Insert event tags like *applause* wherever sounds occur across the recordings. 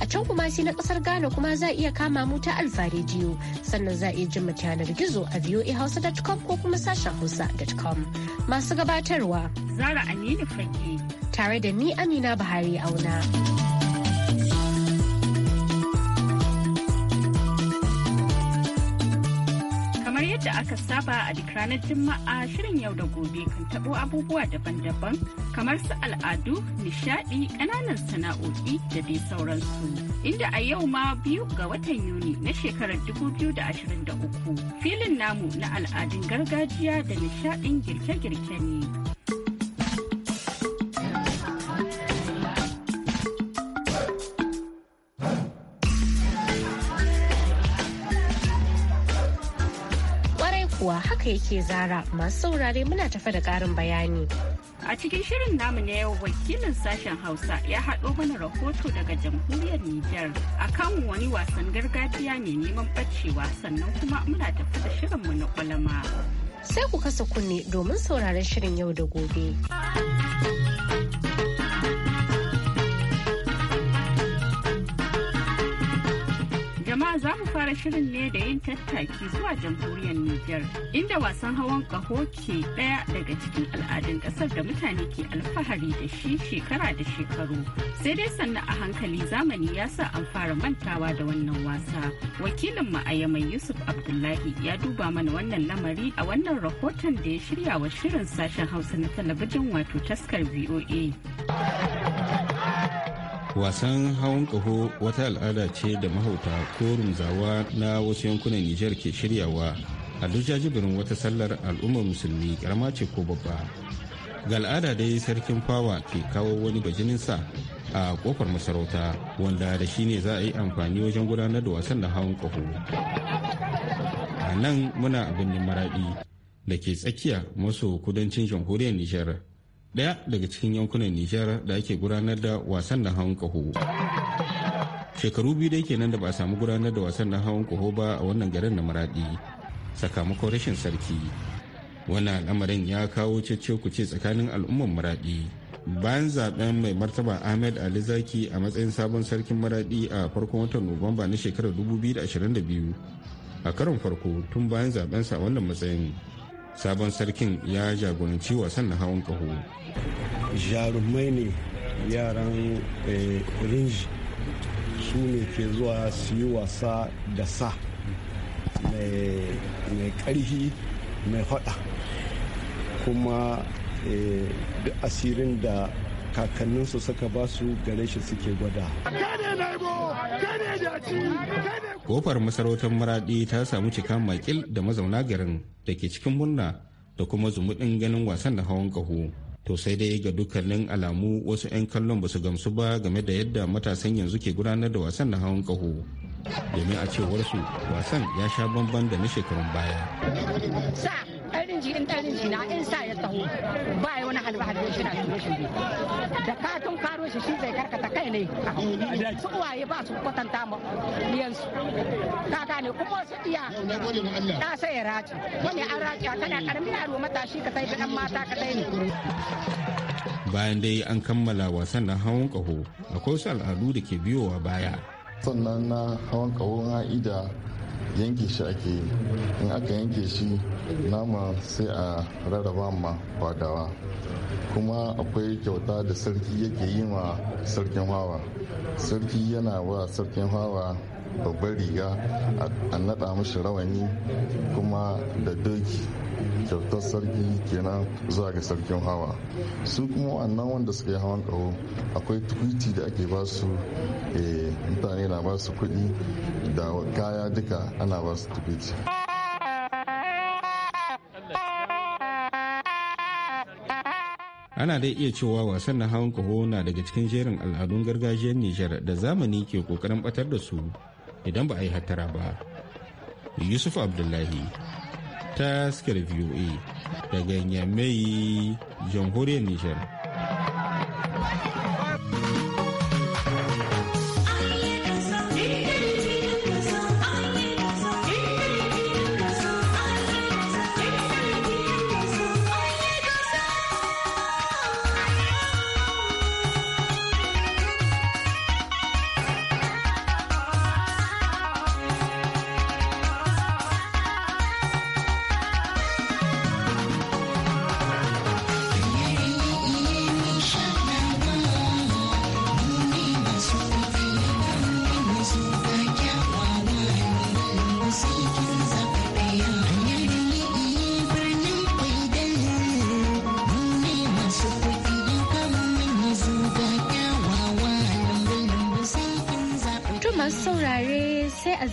a can kuma sai na kasar ghana kuma za a iya kama mu ta alfa rediyo sannan za a iya jin yanar gizo a voahausa.com ko kuma sashen hausa.com masu gabatarwa zara aminu fage tare da ni amina bahari auna. aka saba a duk ranar Juma'a shirin yau da gobe kan tabo abubuwa daban-daban kamar su al'adu, nishadi, ƙananan sana'o'i da dai sauransu. Inda a yau ma biyu ga watan Yuni na shekarar da uku, filin namu na al'adun gargajiya da nishadin girke-girke ne. haka yake zara masu saurare muna tafa da karin bayani. A cikin shirin namu na yau wakilin sashen Hausa ya haɗo mana rahoto daga jamhuriyar Nijar akan wani wasan gargajiya ne neman bacewa sannan kuma muna tafe da shirin mu na kwalama. Sai ku kasa kunne domin sauraron shirin yau da gobe. fara shirin ne da yin tattaki zuwa jamhuriyar Nijar, inda wasan hawan kaho ke daya daga cikin al'adun kasar da mutane ke alfahari da shi shekara da shekaru. Sai dai sannan a hankali zamani ya sa an fara mantawa da wannan wasa. Wakilin ma'ayamai Yusuf Abdullahi ya duba mana wannan lamari a wannan rahoton da ya shirya wa shirin sashen Hausa na talabijin wato taskar VOA. wasan hawan kaho wata al'ada ce da mahauta ko rumzawa na wasu yankunan nijar ke shiryawa a duk jajibirin wata sallar al'ummar musulmi karama ce ko babba ga al'ada dai sarkin fawa ke kawo wani bajinin sa a kofar masarauta wanda da shi ne za a yi amfani wajen gudanar da wasan na hawan kaho a nan muna abin maraɗi da ke tsakiya maso kudancin jamhuriyar nijar daya daga cikin yankunan nijar da ake gudanar da wasan da hawan kaho shekaru biyu dai kenan da ba a samu gudanar da wasan na hawan kaho ba a wannan garin na maradi sakamakon rashin sarki wannan al'amarin ya kawo cece kuce tsakanin al'umman maradi bayan zaben mai martaba ahmed ali zaki a matsayin sabon sarkin maradi a farkon watan nuwamba na shekarar 2022 a karon farko tun bayan sa wannan matsayin sabon sarkin ya jagoranci wasan na hawan kaho jarumai ne yaran eh, rinji su ne ke zuwa su yi wasa da sa mai karhi mai fada kuma eh, duk asirin da kakanninsu saka ba su gare shi suke gwada. Kofar masarautar Maraɗi ta samu cika makil da mazauna garin da ke cikin murna da kuma zumuɗin ganin wasan da hawan ƙaho. To sai dai ga dukkanin alamu wasu 'yan kallon ba su gamsu ba game da yadda matasan yanzu ke gudanar da wasan da hawan ƙaho. Domin a cewar su wasan ya sha bamban da na shekarun baya. alfahari shi na da ka tun karo shi shi zai karkata kai ne su uwaye ba su kwatanta ma yansu ka gane kuma su iya da sai ya raci wani an raci kana karamin yaro matashi ka sai dan mata ka sai ne bayan dai an kammala wasan na hawan kaho akwai wasu al'adu da ke biyowa baya sannan na hawan kaho na ida yanke shi ake yi in aka yanke shi nama sai a rarraba ma fadawa kuma akwai kyauta da sarki yake yi ma sarkin hawa sarki yana wa sarkin hawa babbar riga a naɗa mashi rawani kuma da doki kyautar sarki kenan zuwa ga sarkin hawa su kuma wannan wanda suka yi hawan kaho akwai tukwiti da ake ba su eh, mutane na ba su kuɗi da kaya duka ana ba su ana dai iya cewa wasan na hawan kaho na daga cikin jerin al'adun gargajiyar nijar da zamani ke kokarin batar da su idan ba a yi hattara ba yusuf abdullahi taskar voa daga nyamai jamhuriyar nijar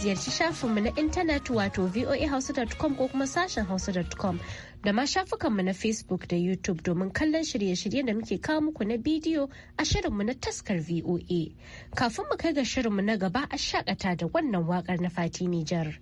ziyarci shafinmu na intanet wato voahausa.com ko kuma sashen hausa.com da ma shafukanmu na facebook da youtube domin kallon shirye shirye da muke kawo muku na bidiyo a shirinmu na taskar voa kafin mu kai ga shirinmu na gaba a shakata da wannan wakar na fati nijar.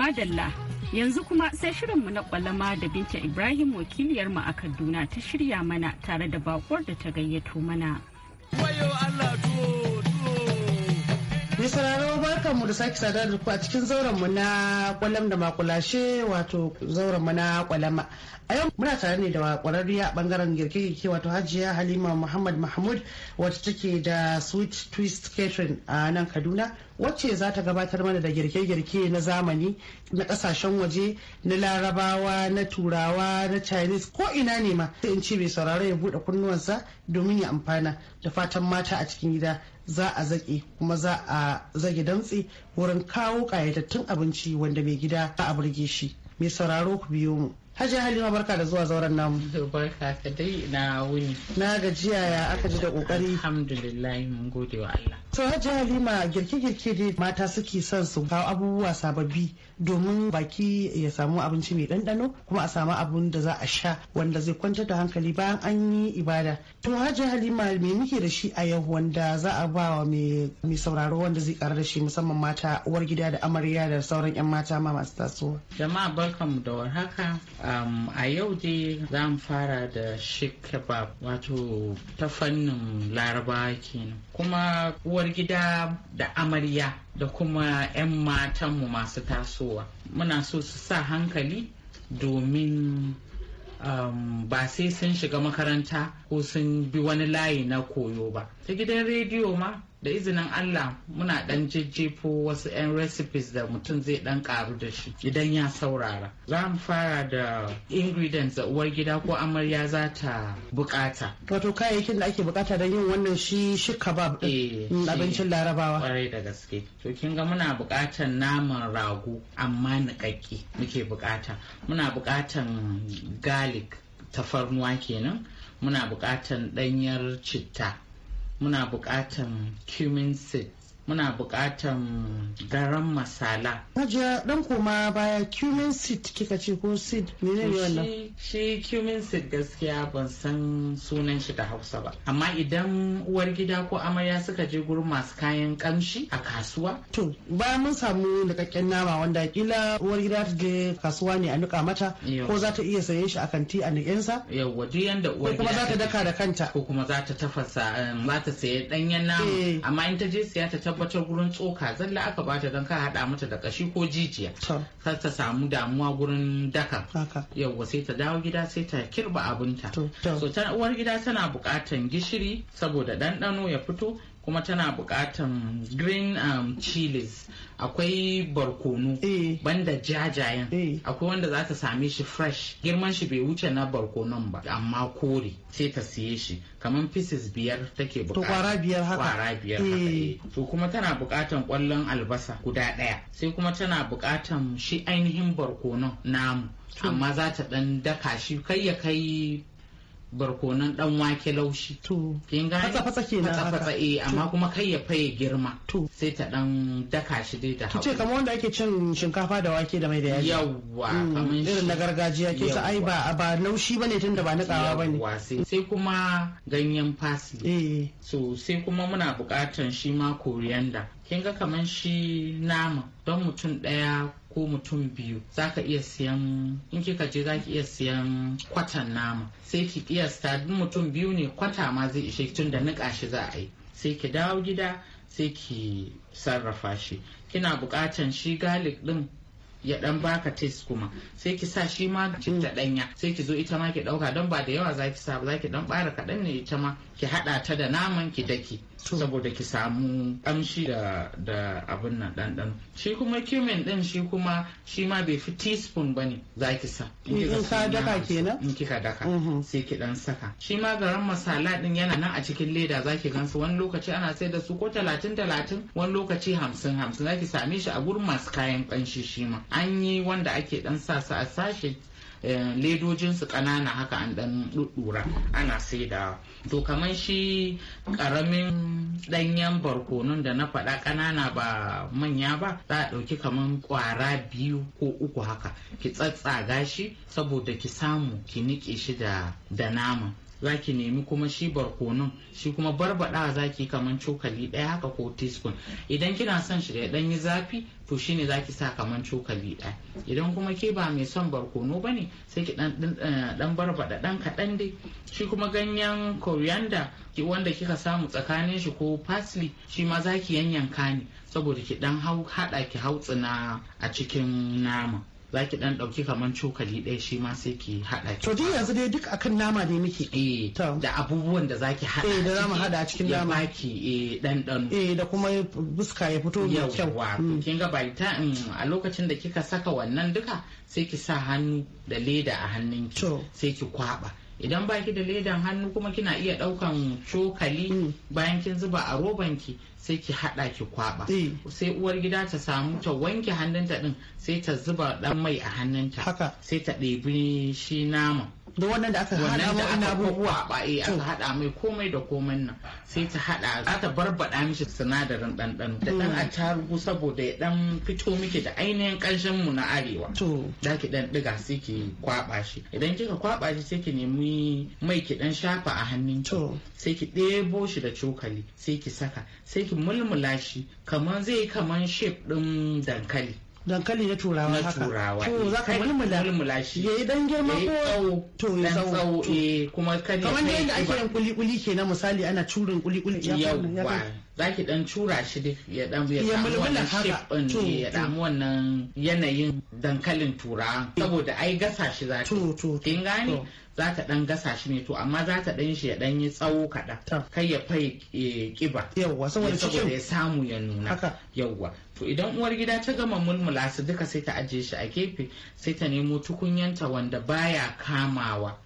madalla yanzu kuma sai shirin mu na kwalama da binta ibrahim wakiliyarmu a kaduna ta shirya mana tare da bakuwar da ta gayyato mana. Allah Mai sauraro barkan mu da sake sadar da ku a cikin zauren na kwalam da makulashe wato zauranmu na kwalama. A yau muna tare ne da kwararriya bangaren girke-girke wato Hajiya Halima Muhammad Mahmud wacce take da Sweet Twist Catering a nan Kaduna wacce za ta gabatar mana da girke-girke na zamani na kasashen waje na larabawa na turawa na chinese ko ina ne ma sai in ce mai sauraro ya buɗe kunnuwansa domin ya amfana da fatan mata a cikin gida za a zaƙe kuma za a zage dantse wurin kawo ƙayatattun abinci wanda mai gida Za a burge shi mai sauraro ku biyo mu Haji Halima barka da zuwa zauren namu. Barka ka dai na wuni. Na gajiya ya aka ji da kokari. Alhamdulillah mun gode wa Allah. To Hajji Halima girke-girke dai mata suke son su kawo abubuwa sababbi domin baki ya samu abinci mai ɗanɗano kuma a samu abun da za a sha wanda zai kwantar da hankali bayan an yi ibada. To Hajji Halima me muke da shi a yau wanda za a ba wa mai sauraro wanda zai ƙara da shi musamman mata uwar gida da amarya da sauran 'yan mata ma masu tasowa. Jama'a barkanmu da warhaka. a yau dai za mu fara da shi kebab wato ta fannin laraba kenan. Kuma uwar gida da amarya da kuma 'yan matanmu masu tasowa muna so su sa hankali domin um, ba sai sun shiga makaranta ko sun bi wani layi na koyo ba ta gidan rediyo ma da izinin Allah muna dan jejjefo wasu 'yan recipes da mutum zai dan karu da shi idan ya saurara za mu fara da ingredients da uwar gida ko amarya za ta bukata wato kayayyakin da ake bukata don yin wannan shi shi din eh, abincin larabawa kwarai da gaske to kin ga muna bukatan naman rago amma niƙaƙƙe muke bukata muna bukatan garlic tafarnuwa kenan muna bukatan ɗanyar citta muna buƙatan cumin seed muna buƙatan garan masala. Hajiya dan koma baya cumin seed kika ce ko seed mene ne wannan? Shi cumin seed gaskiya ban san sunan shi da Hausa ba. Amma idan uwar gida ko amarya suka je gurin masu kayan kamshi a kasuwa. To ba mun samu nikakken nama wanda kila uwar gida ta je kasuwa ne a nuka mata ko za ta iya saye shi a kanti a nikensa. Yawwa duk yanda uwar gida. Ko kuma za ta daka da kanta. Ko kuma za ta tafasa um, za ta sayi ɗanyen nama. Eh. Amma in ta je siya ta tabbatar gurin tsoka zalla aka bata don ka hada mata da kashi ko jijiya kar ta samu damuwa gurin daka yawwa sai ta dawo gida sai ta kirba abinta so ta uwar gida tana bukatan gishiri saboda ɗanɗano ya fito kuma tana bukatan green um, chilies akwai barkono eh. banda jajayen eh. akwai wanda za ta same shi fresh girman shi bai wuce na barkonon ba amma kore sai ta siye shi kamar pieces biyar take bukata to kwara biyar haka kwara biyar haka eh. to kuma tana bukatan kwallon albasa guda daya sai kuma tana bukatan shi ainihin barkonon namu amma za ta dan daka shi kai ya kai barkonan dan wake laushi to kin ga fata fatsa kenan fata fata eh amma kuma kai ya faye girma to sai ta dan daka shi dai da hawa ce kamar wanda ake cin shinkafa da wake da mai da yaji yawa mm, kamar irin na gargajiya ke sa ai ba ba laushi bane tunda ba nutsawa bane sai kuma ganyen parsley eh, eh. so sai kuma muna bukatan shi ma coriander kin ga kamar shi nama don mutum ɗaya ko mutum biyu za ka iya siyan in kika je za ki iya siyan kwatan nama sai ki kiyasta duk mutum biyu ne kwata ma zai ishe tun da niƙa shi za a yi sai ki dawo gida sai ki sarrafa shi kina buƙatan shi galik ɗin ya dan baka taste kuma sai ki sa shi ma ta danya sai ki zo ita ma ki dauka don ba da yawa zaki sa zaki dan bara kadan ne ita ma ki hada ta da naman ki daki saboda ki samu ƙamshi da da abin nan ɗanɗano shi kuma cumin ɗin shi kuma shi ma bai fi teaspoon ba ne za ki sa in ka daka kenan in kika daka mm-hmm. sai ki dan saka shi ma garan masala ɗin yana nan a cikin leda za ki gansu wani lokaci ana sai da su ko talatin talatin wani lokaci hamsin hamsin za ki same shi a gurin masu kayan ƙanshi shi ma an yi wanda ake dan sa su a sashe Eh, ledojinsu ƙanana haka an ɗan ɗuɗɗura ana saidawa to kamar shi ƙaramin ɗanyen barkonun da na faɗa ƙanana ba manya ba za a ɗauki kamar ƙwara biyu ko uku haka ki tsatsaga shi saboda ki samu ki niƙe shi da nama zaki nemi kuma shi barkonon shi kuma barbada za ki kamar cokali ɗaya haka ko teaspoon idan kina son shi da ɗanyi yi zafi to shine za ki sa kamar cokali ɗaya idan kuma ke ba mai son barkono ba ne sai ki eh, ɗan barbaɗa ɗan kaɗan dai shi kuma ganyen coriander wanda kika samu tsakanin shi ko parsley shi ma za ki yanyanka ne saboda ki ɗan haɗa ki hautsina a cikin nama za ki dan dauki kaman cokali ɗaya shi ma sai ki hada to duk yanzu dai duk akan nama ne muke eh da abubuwan da zaki hada eh da zamu hada cikin nama ya baki eh dan eh da kuma buska ya fito mai kyau yawa mm. kin ga bai ta mm, a lokacin da kika saka wannan duka sai ki sa hannu da leda a hannunki sai ki kwaba idan baki da ledan hannu kuma kina iya daukan cokali mm. bayan kin zuba a roban ki sai ki haɗa ki kwaba eh. sai uwar gida ta samu ta wanke hannunta din sai ta zuba dan mai a hannunta sai ta ɗebi shi nama da wannan da aka hada mai ina abubuwa ba eh aka hada mai komai da komai nan sai ta hada za ta barbada mishi sinadarin ɗanɗano da dan mm. tarugu saboda ya dan fito miki da ainihin kanshin mu na arewa to da ki dan diga sai ki kwaba shi idan kika kwaba shi sai ki nemi mai ki dan shafa a hannun ki sai ki ɗebo shi da cokali sai ki saka sai ki mulmula shi kamar zai kamar shape din dankali dankali na turawa haka na turawa to eh. zaka mulmula mulmula shi yi dan girma ko to ya tsawo eh kuma kan kamar yadda ake yin kuli kuli kenan misali ana curin kuli kuli ya zaki dan cura shi duk ya dan ya samu wannan shifin ya damu wannan yanayin dankalin tura. saboda ai gasa shi za kin gane za ta dan gasa shi ne to amma za ta dan shi ya dan yi tsawo kaɗan kai ya fai kiba eh, yawwa saboda ya samu ya nuna yawwa to idan uwar gida ta gama mulmula su duka sai ta ajiye shi a gefe sai ta nemo tukunyanta wanda baya kamawa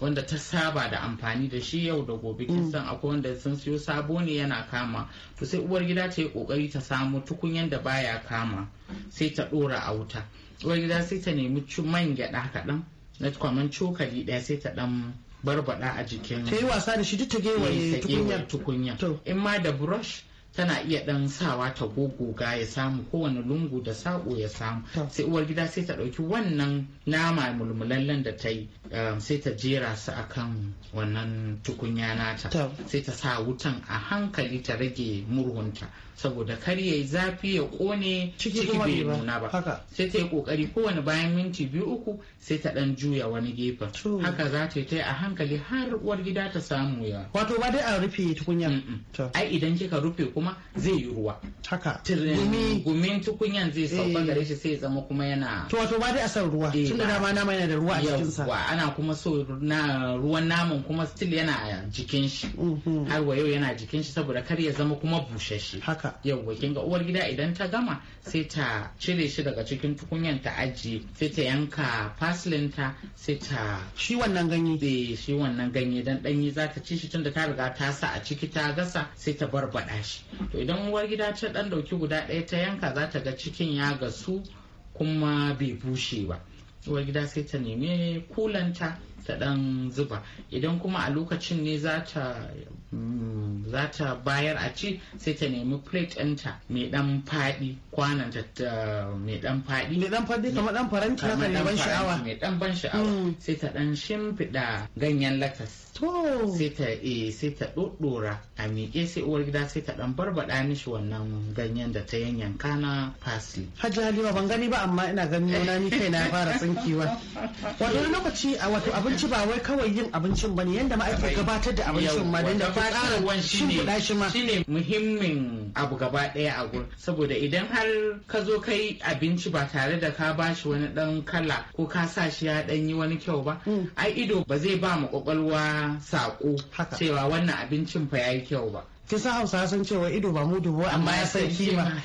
wanda ta saba da amfani da shi yau da gobe kin san akwai wanda sun siyo sabo ne yana kama to sai uwar gida ta yi kokari ta samu tukunyan da baya kama sai ta dora a wuta uwar gida sai ta nemi man gyada kaɗan na kwaman cokali ɗaya sai ta ɗan barbada a jikin ta yi wasa da shi duk ta gewaye tukunyar tukunya in ma da brush tana iya dan sawa ta gogoga ya samu kowane lungu da sako ya samu sai uwar gida sai ta ɗauki wannan nama mulmulallen da ta yi um, sai ta jera su a kan wannan tukunya nata sai ta sa wutan a hankali ta rage murhunta saboda kar yayi zafi ya kone ciki bai nuna ba sai ta yi kokari kowane bayan minti biyu uku sai ta dan juya wani gefen haka za ta yi a hankali har uwar gida ta samu ya wato ba dai a rufe tukunya ai idan kika rufe kuma zai yi ruwa haka gumi gumin tukunyan zai sauka eh. gare shi sai zama kuma yana to wato ba dai a san ruwa eh, tunda dama nama yana da ruwa a cikin sa ana kuma so na ruwan naman kuma still yana a jikin shi mhm. har wa yau yana jikin shi saboda kar ya zama kuma bushashe haka yau wakin ga uwar gida idan ta gama sai ta cire shi daga cikin tukunyan ta ajiye sai ta yanka parsley ta sai ta shi wannan ganye da shi wannan ganye dan danyi za ta ci shi tunda ta riga ta sa a ciki ta gasa sai ta barbada shi to idan uwar gida ta dan dauki guda ɗaya ta yanka za ta ga cikin ya gasu kuma bai bushe ba uwar gida sai ta nemi kulanta ta dan zuba idan kuma a lokacin ne za ta Mm, za ta bayar a ci sai ta nemi plate ɗinta mai ɗan faɗi ta uh, mai ɗan faɗi mai ɗan faɗi kamar ɗan faranti haka mai ban sha'awa mai ɗan ban sha'awa mm. sai ta ɗan shimfiɗa ganyen latas sai ta eh sai ta ɗoɗɗora a miƙe sai uwar gida sai ta ɗan barbaɗa mishi wannan ganyen da ta yanyanka na parsley hajji halima ban gani ba amma ina ganin na ni kai na fara tsinkewa wato lokaci a wato abinci ba wai kawai yin abincin bane yanda ma ake gabatar da abincin ma da faɗa shi ne muhimmin abu gaba ɗaya a gurin saboda idan har ka zo kai abinci ba tare da ka bashi wani dan kala ko ka sa shi ya dan yi wani kyau ba mm. ai ido ba zai ba mu kwakwalwa sako cewa wannan abincin fa yayi kyau ba kin san Hausa san cewa ido ba mudu ba amma ya san kima *laughs*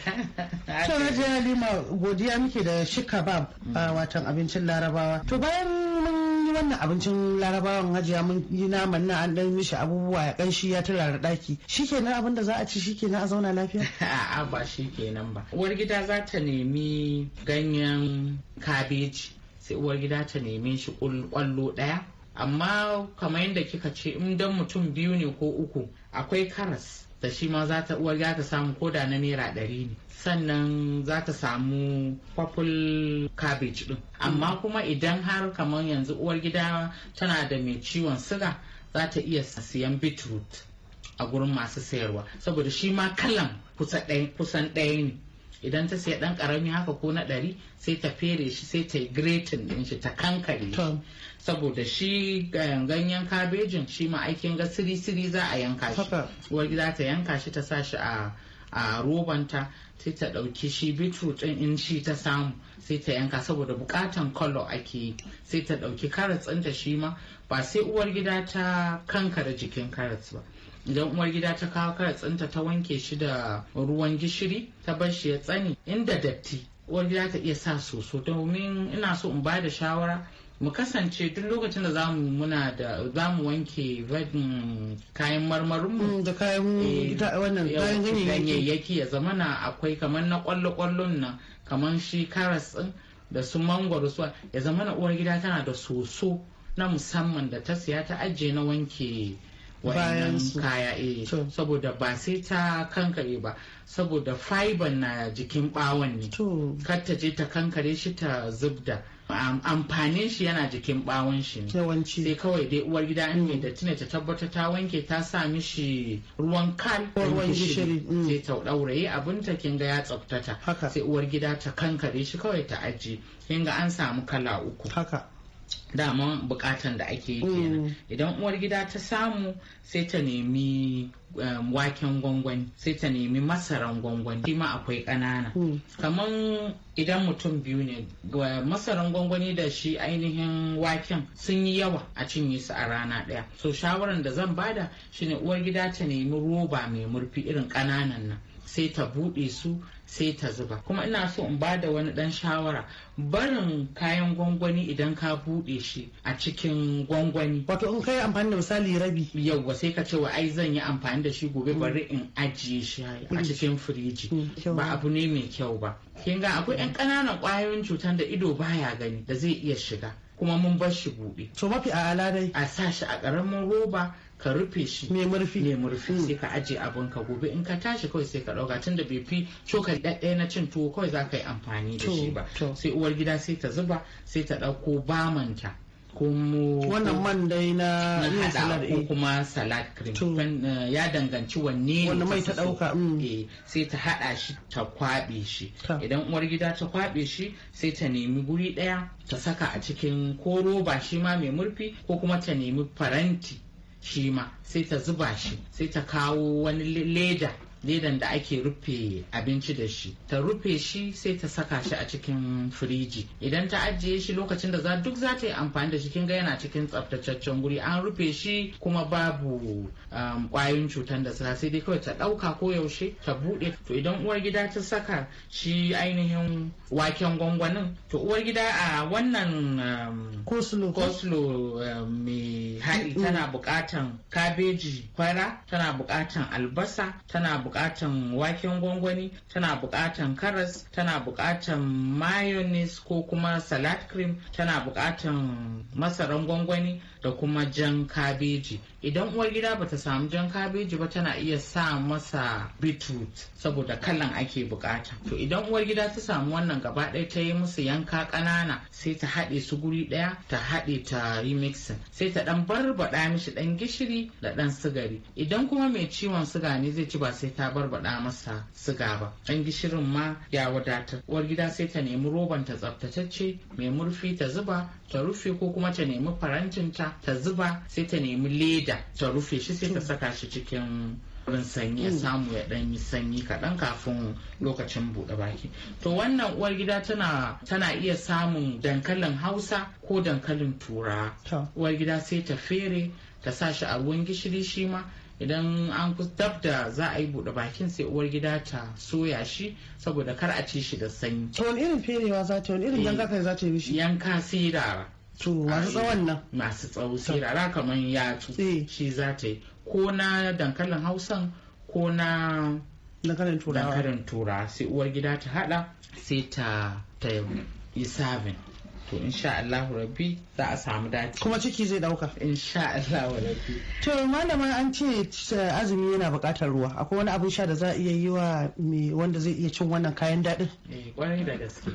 to na je halima godiya muke da shika ba mm. watan abincin larabawa to bayan mun wannan abincin larabawan hajiya mun yi naman nan an dan mishi abubuwa ya kanshi ya turara daki shikenan abin da za a ci shikenan a zauna lafiya *laughs* a'a ba shikenan ba uwar gida za ta nemi ganyen kabeji sai uwar gida ta nemi shi kwallo daya amma kamar yadda kika ce in dan mutum biyu ne ko uku akwai karas da shi ma za ta uwar ta samu koda na naira ɗari ne sannan za ta samu purple cabbage din amma mm. kuma idan har kamar yanzu uwar gida tana da mai ciwon siga za ta iya siyan beetroot a gurin masu sayarwa saboda shi ma kalan kusan ɗaya ne idan ta siya ɗan ƙarami haka ko na ɗari sai ta fere shi sai ta yi gretin ɗin shi ta kankare saboda shi ganyen kabejin shi ma aikin ga siri-siri za a yanka shi wani za ta yanka shi ta sa shi a a robanta sai ta ɗauki shi bitrut ɗin in shi ta samu sai ta yanka saboda bukatan kolo ake yi sai ta ɗauki karas ɗinta shi ma ba sai uwar gida ta kankara jikin karas ba idan uwar gida ta kawo karas ɗinta ta wanke shi da ruwan gishiri ta bar shi ya tsani inda datti uwar gida ta iya sa soso domin ina so in ba da shawara mu kasance duk lokacin da zamu muna da wanke kayan mu mm, da kayan eh, wannan kayan ganyayyaki ya na akwai kamar na kwallo kwallon nan kamar shi karas din da su mangwaro su ya zama na uwar gida tana da soso na musamman da ta siya ta ajiye na wanke wayan kaya eh saboda ba sai ta kankare ba saboda fiber na jikin bawon ne kar ta je ta kankare shi ta zubda amfanin shi yana jikin bawon shi ne sai kawai dai uwar gida in mai datti ne ta tabbata ta wanke ta sa mishi ruwan kan ruwan gishiri mm. sai ta dauraye abin ta kin ga ya tsaftata sai uwar gida ta kankare shi kawai ta aji kin ga an samu kala uku haka daman bukatan da ake yi mm. kenan idan uwar gida ta samu sai ta nemi um, waken gwangwani sai ta nemi masaran gwangwani shi ma akwai kanana mm. kamar idan mutum biyu ne masaran gwangwani da shi ainihin waken sun yi yawa a cinye su a rana ɗaya so shawaran da zan bada shine uwar gida ta nemi roba mai murfi irin ƙananan nan sai ta buɗe su sai ta zuba kuma ina so in ba da wani dan shawara barin kayan gwangwani idan ka buɗe shi a cikin gwangwani wato in kai amfani da misali rabi yauwa sai ka ce wa ai zan yi amfani da shi gobe bari in ajiye shi a cikin firiji mm, ba abu ne mai kyau ba kin ga akwai yan ƙananan ƙwayoyin cutan da ido baya gani da zai iya shiga kuma mun bar shi buɗe. To mafi a dai. A sa shi a ƙaramin roba ka rufe shi ne murfi ne murfi hmm. sai ka aje abun ka gobe in ka tashi kawai sai ka dauka tunda bai fi cokali ɗaya na cin tuwo kawai za ka yi amfani da shi ba sai uwar gida sai ta zuba sai ta ɗauko bamanta kuma wannan man dai na yin salad ko eh. kuma salad cream eh, ya danganci wanne ne mai ta dauka hmm. eh, sai ta hada shi ta kwabe shi idan uwar gida ta kwabe shi sai ta nemi guri daya ta saka a cikin ko roba shi ma mai murfi ko kuma ta nemi faranti shi ma sai ta zuba shi sai ta kawo wani leda ledan da ake rufe abinci da shi ta rufe shi sai ta saka shi a cikin firiji idan ta ajiye shi lokacin da za duk za ta yi amfani da shi kin ga yana cikin tsaftataccen guri an rufe shi kuma babu kwayoyin um, cutan da suna sai dai kawai ta ɗauka ko yaushe ta buɗe to idan uwar gida ta saka shi ainihin waken gwangwanin to uwar gida a wannan um, koslo um, mai haɗi tana bukatan kabeji fara tana bukatan albasa tana buƙatan waken gwangwani tana bukatan karas tana buƙatan mayonnaise ko kuma salad cream tana buƙatan masaran gwangwani da kuma jan kabeji idan uwar gida bata samu jan kabeji ba tana iya sa masa beetroot saboda kalan ake bukata to idan uwar gida ta samu wannan gaba ɗaya ta yi musu yanka ƙanana sai ta haɗe su guri ɗaya ta haɗe ta remixin sai ta ɗan barbaɗa mishi ɗan gishiri da ɗan sigari idan kuma mai ciwon siga ne zai ci ba sai ta barbaɗa masa siga ba ɗan gishirin ma ya wadatar uwar gida sai ta nemi roban ta tsaftatacce mai murfi ta zuba ta rufe ko kuma ta nemi farantinta ta zuba sai ta nemi leda ta rufe shi sai ta saka shi cikin wurin sanyi ya mm. samu ya dan yi sanyi kaɗan kafin lokacin buɗe baki to wannan uwar gida tana tana iya samun dankalin hausa ko dankalin tura uwar gida sai ta fere ta sa shi a ruwan gishiri shi ma idan an dab da za a yi buɗe bakin sai uwar gida ta soya shi saboda kar a ci shi da sanyi. to wani irin ferewa za ta wani irin eh. yanka kai za ta yi mishi yanka sai da to masu tsawon nan masu tsawo sirara kamar yatsu eh. shi za ta yi ko na dankalin hausan ko na dankalin turawa dankalin turawa sai uwar gida ta hada sai ta ta yi sabin to insha Allah rabbi za a samu dace kuma ciki zai dauka insha Allah rabbi to malama an ce eh, azumi yana bukatar ruwa akwai wani abin sha da za a iya yi wa wanda zai iya cin wannan kayan dadin eh kwarai da gaske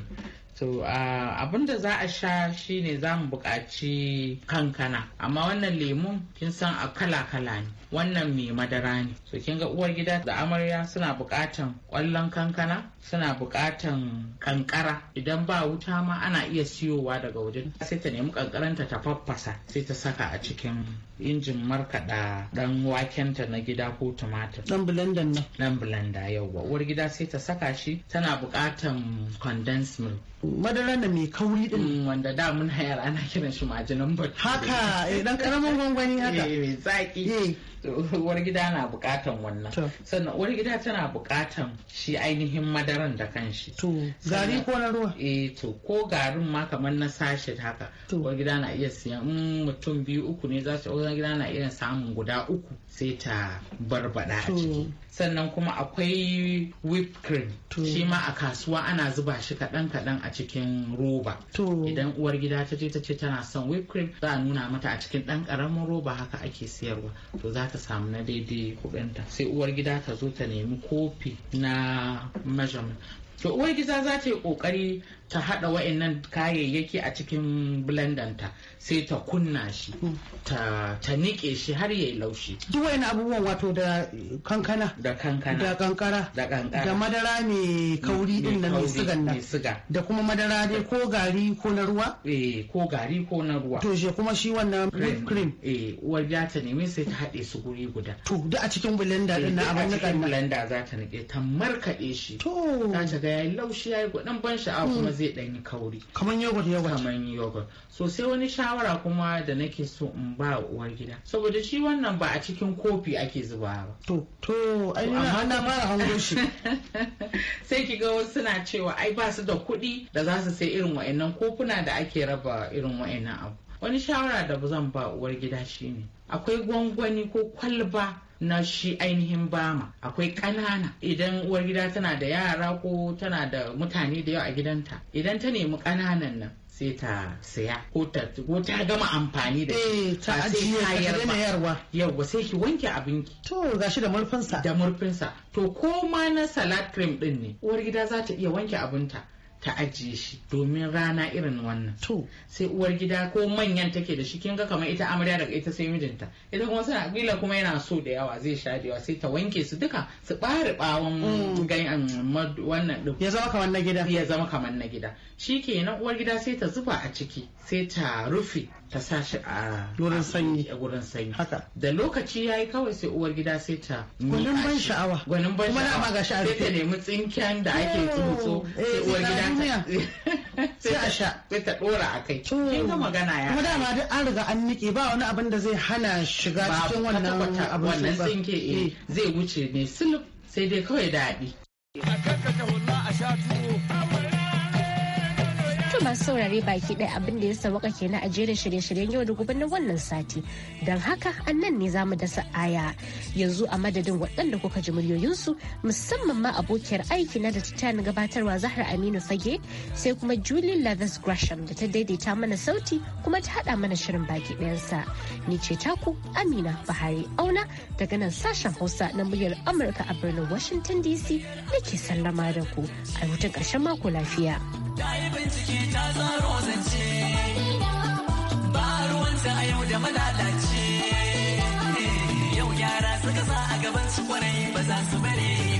so abin da za a sha shine za mu buƙaci kankana amma wannan lemun kin san a kala kala ne wannan mai madara ne so kin ga uwar gida da amarya suna bukatan ƙwallon kankana suna bukatan kankara idan ba wuta ma ana iya siyowa daga wajen sai ta nemi kankaranta ta faffasa sai ta saka a cikin injin markaɗa ɗan wakenta na gida ko tumatir ɗan blender ne. ɗan blender yauwa uwar gida sai ta saka shi tana bukatan condensed milk madara da mai kauri din mm, wanda da mun hayar ana kiran shi majinan batu haka eh dan karamin gwangwani haka eh mai zaki eh. *laughs* wani gida na bukatan wannan sannan wani gida tana bukatan shi ainihin madaran da kanshi to gari ko na ruwa eh to ko garin ma kamar na sashi haka wani gida na iya siyan mutum biyu uku ne za su wani gida na iya samun guda uku sai ta barbada a ciki sannan kuma akwai whipped cream shi ma a kasuwa ana zuba shi kadan kaɗan a cikin roba idan uwar gida ta je ta ce tana son whipped cream za a nuna mata a cikin dan ƙaramin roba haka ake siyarwa to za ta samu na daidai kuɗinta sai uwar gida ta zo ta nemi kofi na measurement to uwar gida za ta yi kokari ta hada wa'annan kayayyaki a cikin blendanta sai ta kunna shi mm. ta nike shi har yayi laushi duk wa'annan abubuwan wato da kankana da kankana da kankara da kankara da madara mai kauri mm, din na mai sigan nan da kuma madara dai ko gari ko na ruwa eh ko gari ko na ruwa to je kuma shi wannan whipped cream eh uwar ya ta nemi sai ta hade su guri guda to duk a cikin blender din na eh, abin nikan blender za ta nike ta markade shi to ta ga yayi laushi yayi gwadan ban sha'awa kuma mm. zai dan yi kauri kaman yogurt yogurt kaman yogurt so sai wani shawara kuma da nake so in ba uwar gida saboda shi wannan ba a cikin kofi ake zuba ba to to ai amma na fara hango shi *laughs* sai ki ga wasu suna cewa ai ba su da kuɗi da za su sai irin wa'annan kofuna da ake raba irin wa'annan abu wani shawara da zan ba uwar gida shine akwai gwangwani ko kwalba na shi ainihin bama akwai ƙanana idan uwar gida tana da yara ko tana da mutane da yawa a gidanta idan ta nemi ƙananan nan sai ta saya ko ta gama amfani da eh, ta ajiye ta yarwa yawa sai ki wanke abinki to gashi da murfinsa da murfinsa to ko ma na salad cream din ne uwar gida za ta iya wanke abinta ta ajiye shi domin rana irin wannan to sai uwar gida ko manyan take da shi kin ga kamar ita amarya daga ita sai mijinta ita kuma suna bila kuma yana so da yawa zai sha da yawa sai ta wanke su duka su bari bawon mm. wannan din ya zama kamar na gida ya zama kamar na gida shikenan uwar gida sai ta zuba a ciki sai ta rufe ta sa shi a wurin sanyi a wurin sanyi haka da lokaci yayi kawai sai uwar gida sai ta gwanin ban sha'awa gwanin ban sha'awa sai ta nemi tsinken da ake tsotso eh, sai uwar gida *laughs* sai a sha sai ta dora a kai kin ga magana ya kuma dama duk an riga an nike ba wani abin da zai hana shiga cikin wannan abin wannan tsinke eh, eh. zai wuce ne sulub sai dai kawai daɗi a kakkata wallah a sha tuwo To masu saurare baki ɗaya abin da ya sauka kenan a jerin shirye-shiryen yau da gobe na wannan sati. Don haka an nan ne za mu dasa aya yanzu a madadin waɗanda kuka ji muryoyinsu musamman ma abokiyar aiki na da ta gabatarwa Zahra Aminu Fage sai kuma Julie Lathers Gresham da ta daidaita mana sauti kuma ta haɗa mana shirin baki ɗayansa. Ni ce taku Amina Bahari Auna daga nan sashen Hausa na muryar Amurka a birnin Washington DC nake sallama da ku. A hutun ƙarshen mako lafiya. yi bincike ta zance ba ruwanta a yau da malalace yau yara suka sa a gaban su kwarai ba za su bare